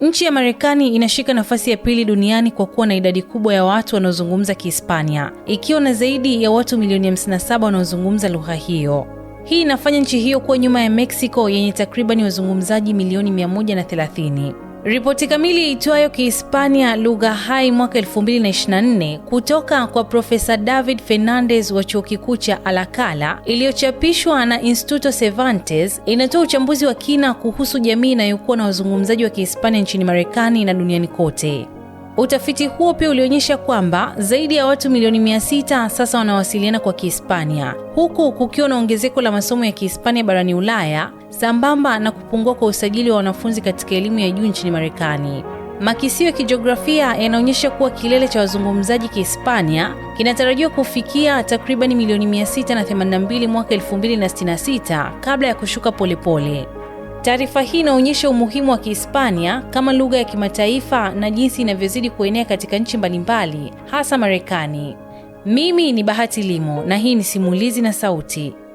Nchi ya Marekani inashika nafasi ya pili duniani kwa kuwa na idadi kubwa ya watu wanaozungumza Kihispania, ikiwa na zaidi ya watu milioni 57 wanaozungumza lugha hiyo. Hii inafanya nchi hiyo kuwa nyuma ya Mexico yenye takribani wazungumzaji milioni 130. Ripoti kamili itwayo Kihispania lugha hai mwaka 2024 kutoka kwa Profesa David Fernandez wa Chuo Kikuu cha Alakala iliyochapishwa na Instituto Cervantes inatoa uchambuzi wa kina kuhusu jamii inayokuwa na wazungumzaji wa Kihispania nchini Marekani na duniani kote. Utafiti huo pia ulionyesha kwamba zaidi ya watu milioni mia sita sasa wanawasiliana kwa Kihispania, huku kukiwa na ongezeko la masomo ya Kihispania barani Ulaya sambamba na kupungua kwa usajili wa wanafunzi katika elimu ya juu nchini Marekani. Makisio ya kijiografia yanaonyesha kuwa kilele cha wazungumzaji Kihispania kinatarajiwa kufikia takribani milioni 682 mwaka 2066 kabla ya kushuka polepole. Taarifa hii inaonyesha umuhimu wa Kihispania kama lugha ya kimataifa na jinsi inavyozidi kuenea katika nchi mbalimbali hasa Marekani. Mimi ni Bahati Limo na hii ni Simulizi na Sauti.